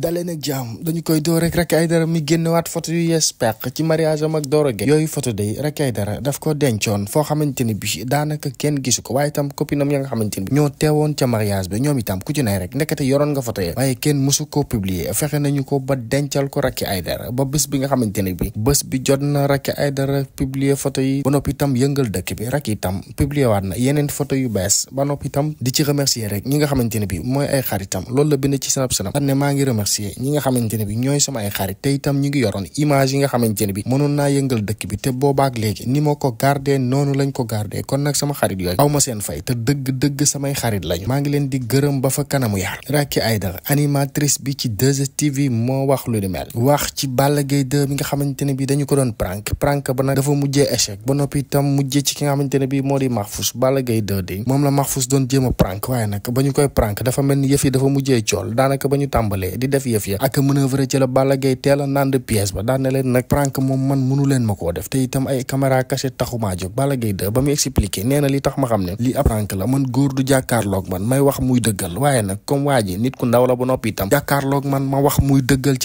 dalee nag jàmm dañu koy door rek Racky Aïdara mi génnewaat photo yu yees peq ci mariage am ak Doro Gueye yooyu photo day Racky Aïdara daf ko dencoon foo xamante ni bi daanaka kenn gisu ko waaye itam copine am xamante ni bi ñoo teewoon ca mariage bi ñoom itam ku ci nay rek ndekete yoroon nga photo ya waaye kenn mësu koo publier fexe nañu ko ba dencal ko Racky Aïdara ba bés bi nga xamante ni bi bés bi jot na ay dara publier photo yi ba noppi itam yëngal dëkk bi Racky itam publier waat na yeneen foto yu bees ba noppi itam di ci remercier rek ñi nga xamante ni bi mooy ay xaritam loolu la bind ci sanab sanam ne maa ngi remercier remercier ñi nga xamante ne bi ñooy sama ay xarit te itam ñu ngi xamante ne bi mënoon naa yëngal dëkk bi te boobaak léegi ni ma ko gardé noonu lañ ko gardé kon nag sama xarit yooyu aw ma seen fay te dëgg-dëgg samay xarit lañu maa ngi leen di gërëm ba fa kanamu yàlla Racky Aïdara animatrice bi ci 2STV moo wax lu ni mel wax ci Balla Gaye 2 bi nga xamante ne bi dañu ko doon prank prank ba nag dafa mujjee échec ba noppi itam mujjee ci ki nga xamante ne bi moo di Mahfous Balla Gaye 2 di moom la Mahfous doon jéem a prank waaye nag ba ñu koy prank dafa mel ni yëf yi dafa mujjee cool daanaka ba ñu tàmbalee def yëf ya ak a ci la Balla Gaye teel a nand pièce ba daan na leen nag prank moom man mënu leen ma koo def te itam ay caméra cachée taxumaa jóg Balla Gaye de ba mu expliqué nee li tax ma xam ne li ab la man góor du jàkkaarloog man may wax muy dëggal waaye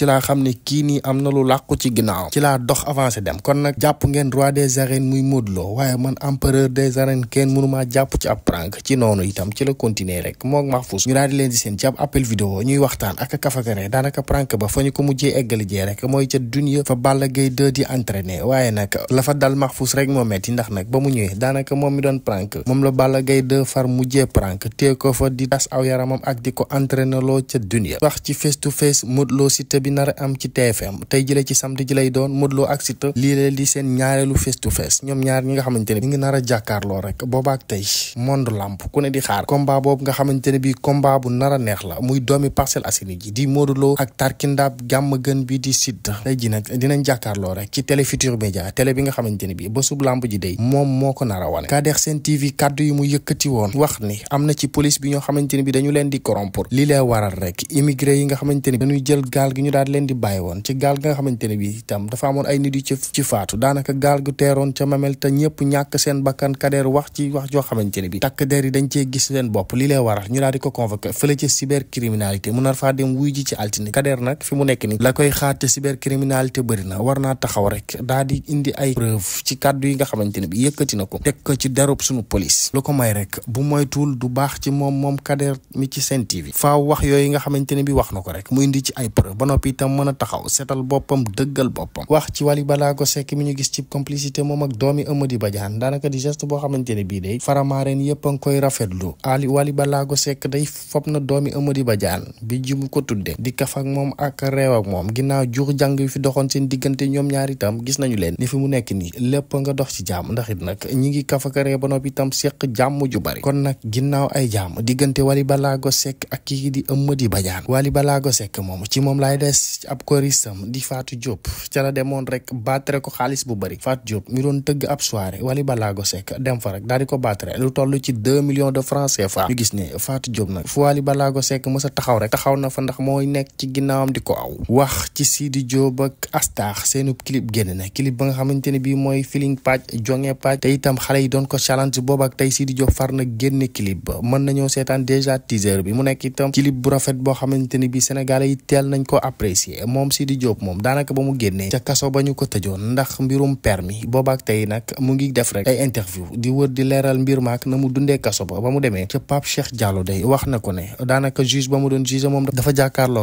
la xam ne kii nii am na lu làqu ci ginnaaw ci laa dox avancé dem kon nag jàpp ngeen roi des arènes muy Modou waaye man empereur des arènes kenn mënumaa jàpp ci ab ci noonu itam entraîné daanaka prank ba fa ñu ko mujjee eggali jee mooy ca dunya fa Balla Gaye 2 di entraîné waaye nag la dal Mahfous rek moo metti ndax nag ba mu ñëwee daanaka moom mi doon prank moom la Balla Gaye 2 far mujjee prank tee ko fa di tas aw yaramam ak di ko entraîné loo ca dunya wax ci face to face Modou Lo Siteu bi nar a am ci TFM tey jëlee ci samedi ji lay doon Modou Lo ak Siteu lii leen di seen ñaareelu face to face ñoom ñaar ñi nga xamante ne bi ngi nar a jàkkaarloo rek boobaak tey monde lamp ku ne di xaar combat boobu nga xamante ne bi combat bu nar la muy Modou Lo ak Tarkindaab gàmm gën bi di Siteu tey ji nag dinañ jàkkaarloo rek ci Télé Futurs Médias télé bi nga xamante ne bi bésub lamb ji day moom moo ko nar a wane Kader Sen TV kàddu yi mu yëkkati woon wax ni am na ci police bi ñoo xamante ne bi dañu leen di corrompre li lee waral rek immigré yi nga xamante ne bi dañuy gaal gi ñu daal leen di bàyyi woon ci gaal gi nga xamante ne bi itam dafa amoon ay nit yu ci ci faatu daanaka gaal gu teeroon ca mamel te ñëpp ñàkk seen bakkan Kader wax ci wax joo xamante ne bi takk der yi dañ cee gis leen bopp li lee waral ñu daal altine Kader nag fi mu nekk nii la koy xaar te cybercriminalité bëri na war naa taxaw rek daa indi ay preuve ci kaddu yi nga xamante ne bi yëkkati na ko teg ko ci darub suñu police lu ko may rek bu moytuwul du baax ci moom moom Kader mi ci Sen TV faaw wax yooyu nga xamante ne bi wax na ko rek mu indi ci ay preuve ba noppi tam mën a taxaw seetal boppam dëggal boppam wax ci Wally Ballago Seck mi ñu gis ci complicité moom ak doomi Amady Badiane daanaka di geste boo xamante ne bii day faramaareen yëpp a ngi koy rafetlu Ali Wally Ballago Seck day fob na doomi Amady Badiane bi ji mu kaf ak moom ak réew ak moom ginnaaw juux jàng yu fi doxoon seen diggante ñoom ñaar itam gis nañu leen ni fi mu nekk nii lépp nga dox ci jàmm ndax it nag ñi ngi kaf ak réew ba noppi itam seq jàmm ju bari kon nag ginnaaw ay jàmm diggante Wally Ballago sekk ak kii di Eumeudi Badiane Wally Ballago sekk moom ci moom laay des ci ab choristam di Fatou Diop ca la demoon rek battre ko xaalis bu bari Fatou joob mi doon tëgg ab soirée Wally Ballago Seck dem fa rek daal di ko battre lu toll ci deux millions de france CFA ñu gis ne Fatou Diop nag fu Wally Ballago Seck mës a taxaw rek nekk ci ginnaawam di ko aw wax ci Sidi Diop ak Astaax seenub clip génn na clip ba nga xamante ne bii mooy feeling page jonge page te itam xale yi doon ko challenge boobu ak tey Sidi Diop far na génne clip ba mën nañoo seetaan déjà teaser bi mu nekk itam clip bu rafet boo xamante ne bii Sénégalais yi teel nañ ko apprécier moom Sidi Diop moom daanaka ba mu génnee ca kaso ba ñu ko tëjoon ndax mbirum permis boobu ak tey nag mu ngi def rek ay interview di wër di leeral mbir maak na mu dundee kaso ba ba mu demee ca Pape Cheikh Diallo day wax na ko ne daanaka juge ba mu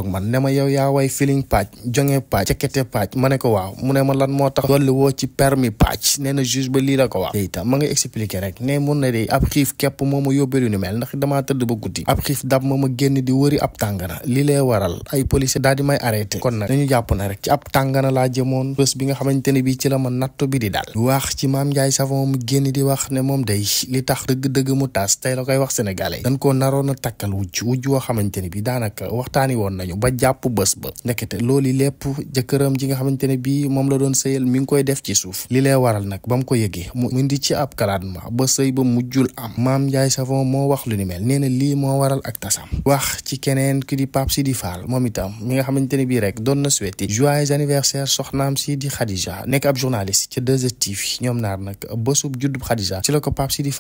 man ne ma yow yaa way feeling pàcc jonge pàcc cekete pàcc ma ne ko waaw mu ne ma lan moo tax dolli woo ci permi pàcc nee na juge ba lii la ko wax tey itam ma nga expliqué rek ne mun na de ab xiif képp moo ma yóbbee lu ni ndax damaa tëdd ba guddi ab xiif dab ma ma génn di wëri ab tàngana li lay waral ay policier daal di may arrêté kon nag nañu jàpp na rek ci ab tàngana laa jëmoon bés bi nga xamante ne bii ci la ma nattu bi di daal wax ci maam Ndiaye Savon mu génn di wax ne moom day li tax dëgg-dëgg mu taas tey la koy wax sénégalais dañ koo naroon a takkal wujj wujj woo xamante ne bi daanaka waxtaani woon nañu ñu ba jàpp bés ba ndekete loolu lépp jëkkëram ji nga xamante ne moom la doon sëyal mi ngi koy def ci suuf li lay waral nag ba mu ko yëgee mu indi ci ab kalaatma ba sëy ba mujjul am maam Ndiaye Savon moo wax lu ni mel nee lii moo waral ak tasam wax ci keneen ki di Pape Sidi Fall moom itam mi nga xamante ne rek doon na souhaité joyeux anniversaire soxnaam si di Khadija nekk ab journaliste ca 2STV ñoom naar nag bésub juddub Khadija ci la ko Pape Sidi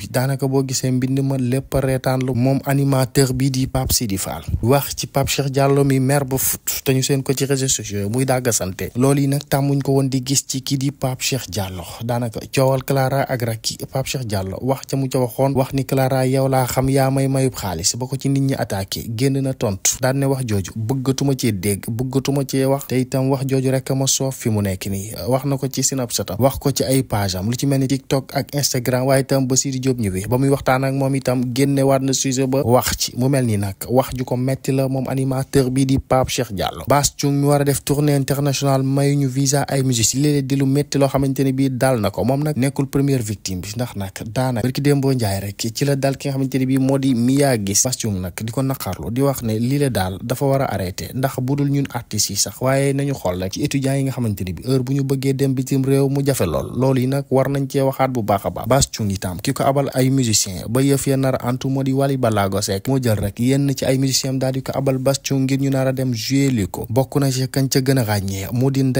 bi daanaka boo gisee mbind ma lépp a reetaan la moom animateur bi di Pape Sidi Fall wax ci Pape Cheikh Diallo mi maire ba fut te ñu seen ko ci réseaux sociaux muy dàgga sante lool yi nag tàmmuñ ko woon di gis ci kii di Pape Cheikh Diallo daanaka coowal Clara ak Racky Pape Cheikh Diallo wax ca mu ca waxoon wax ni Clara yow laa xam yaa may mayub xaalis ba ko ci nit ñi attaqué génn na tontu daan ne wax jooju bëggatuma ci dégg bëggatuma cee wax te itam wax jooju rek ma soof fi mu nekk nii wax na ko ci Snapchat wax ko ci Diop ñëwee ba muy waxtaan ak moom itam génnewaat na sujet ba wax ci mu mel ni nag wax ju ko metti la moom animateur bi di Pape Cheikh Diallo Bass Thioung mi war a def tournée internationale may ñu visa ay musiciens léeg-léeg di lu métti loo xamante ne bii dal na ko moom nag nekkul première victime bi ndax nag daanaka barki Dembo Ndiaye rek la dal ki nga xamante ne bii moo di Mia Guissé Bass Thioung nag di ko naqarlu di wax ne lii la daal dafa a bu dul ñun artistes yi sax waaye nañu xool rek ci étudiants yi nga xamante bi heure bu ñu bëggee dem bitim réew mu jafe lool loolu yi nag war nañ cee waxaat a abal ay musicien ya nar antu moo di Wally Ballago Seck moo jël rek yenn ci ay musicien daal di ko a a ràññee moo di ni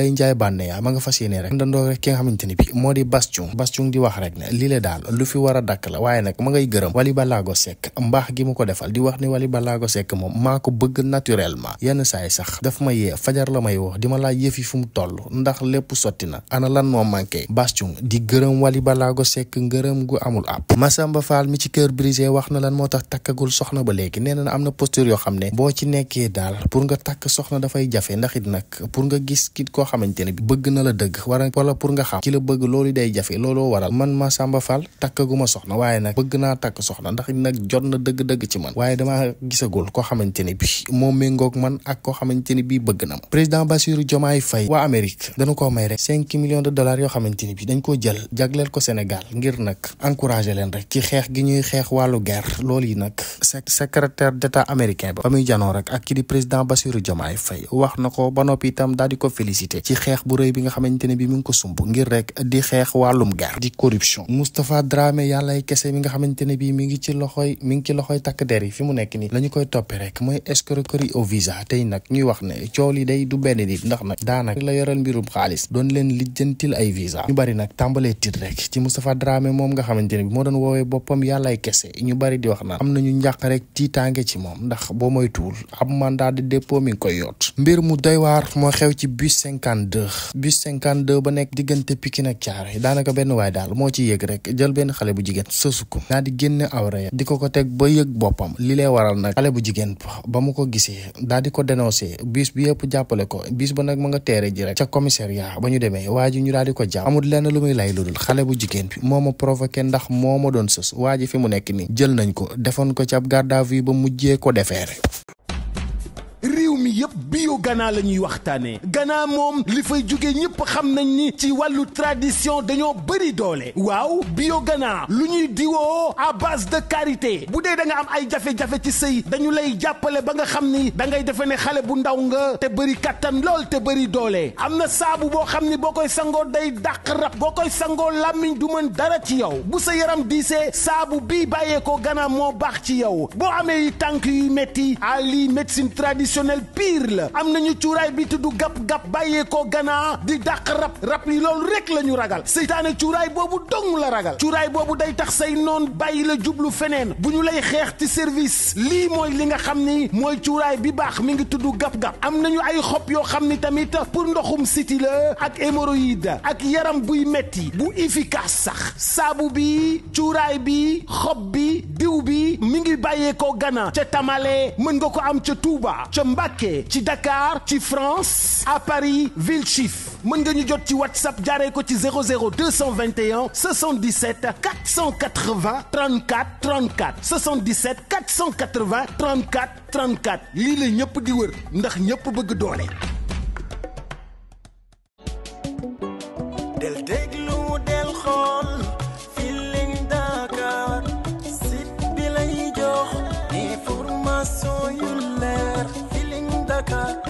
bi moo di bastion bastion di wax rek ne lii la daal lu fi war a dakk la waaye nag ma ngay gërëm Wally Ballago Seck mbaax gi mu ko defal di wax ni Wally Ballago Seck moom maa ko bëgg naturellement yenn saay sax daf ma yee fajar la may wax di ma laaj yëf yi fu mu toll ndax lépp sotti na ana lan moo manqué bastion di gërëm Wally Ballago Seck ngërëm gu amul ab Massamba Fall mi ci kër brisé wax na lan moo tax takkagul soxna ba léegi nee na am na posture yoo xam ne boo ci nekkee daal pour nga takk soxna dafay jafe ndaxit nag pour nga gis ki koo xamante ne bi bëgg na la dëgg war wala pour nga xam ki la bëgg loolu day jafe looloo waral man Massamba takkaguma soxna waaye nag bëgg naa takk soxna ndax it nag jot na dëgg-dëgg ci man waaye dama gisagul koo xamante ne bi moo méngoog man ak koo xamante ne bi bëgg na ma président Bassirou Diomaye fay waa Amérique dana koo may rek cinq millions de dollars yoo xamante ne bi dañ koo jël jagleel ko Sénégal ngir nag encouragé leen rek ci xeex gi ñuy xeex wàllu guerre loolu yi nag secrétaire d'état américain ba ba janoo rek ak ki di président Bassirou Diomaye Faye wax na ko ba noppi itam daal ko félicité ci xeex bu rëy bi nga xamante ne bi mu ngi ko sumb ngir rek di xeex wàllum guerre di corruption Moustapha Dramé yàllay kese mi nga xamante ne bi mi ngi ci loxoy mi ngi ci loxoy takk der yi fi mu nekk ni la koy toppee rek mooy escroquerie au visa tey nag ñuy wax ne coow li day du benn nit ndax nag daanaka la yoral mbirum xaalis doon leen lijjantil ay visa ñu bari nag tàmbalee tiit rek moo doon woowee boppam yàllaay kese ñu bari di wax naan am nañu njàq rek tiitaange ci moom ndax boo mooy tuul ab mandat de dépôt mi ngi koy yoot mbir mu day waar moo xew ci bus 52 bus 52 ba nekk diggante Pikine ak Thiaroye daanaka benn waay daal moo ci yëg rek jël benn xale bu jigéen sësu ko naa di génne awra ya di ko ko teg ba yëg boppam li lay waral nag xale bu jigéen ba mu ko gisee daal di ko dénoncé bus bi yëpp jàppale ko bus ba nag ma nga teere ji rek ca commissariat ñu demee waa ji ñu daal ko jàpp amul lenn lu muy lay ludul xale moo ma doon sës waa ji fi mu nekk nii jël nañ ko defoon ko ci ab garde à vue ba mujjee ko defeere Ghana la ñuy waxtaanee Ghana moom li fay jóge ñëpp xam nañ ni ci wàllu tradition dañoo bëri doole waaw bio Ghana lu ñuy diwoo à base de karité bu dee da nga am ay jafe-jafe ci sëy dañu lay jàppale ba nga xam ni da ngay defe ne xale bu ndaw nga te bëri kattan lool te bëri doole am na saabu boo xam ni boo koy sangoo day dàq rab boo koy sangoo làmmiñ du mën dara ci yow bu sa yaram diisee saabu bii bàyyeekoo Ghana moo baax ci yow boo amee yi tànk yu metti à lii médecine traditionnelle pire la am nañu cuuraay bi tudd gab-gab bàyyeekoo Gana di dàq rab rab yi loolu rek la ñu ragal seytaane cuuraay boobu dong la ragal cuuraay boobu day tax say noon bàyyi la jublu feneen bu ñu lay xeex ci service lii mooy li nga xam ni mooy cuuraay bi baax mi ngi tudd gab-gab am nañu ay xob yoo xam ni tamit pour ndoxum siti la ak hémorroïde ak yaram buy metti bu efficace sax saabu bi cuuraay bi xob bi diw bi mu ngi bàyyeekoo Gana ca Tamale mën nga ko am ca Touba ca Mbacké ci Dakar Dakar ci France à Paris Villechief mën nga ñu jot ci WhatsApp jaaree ko ci 00 221 77 480 34 34 77 480 34 34 lii la ñëpp di wër ndax ñëpp bëgg doole. del déglu del xool Feeling Dakar site bi lay jox information Dakar.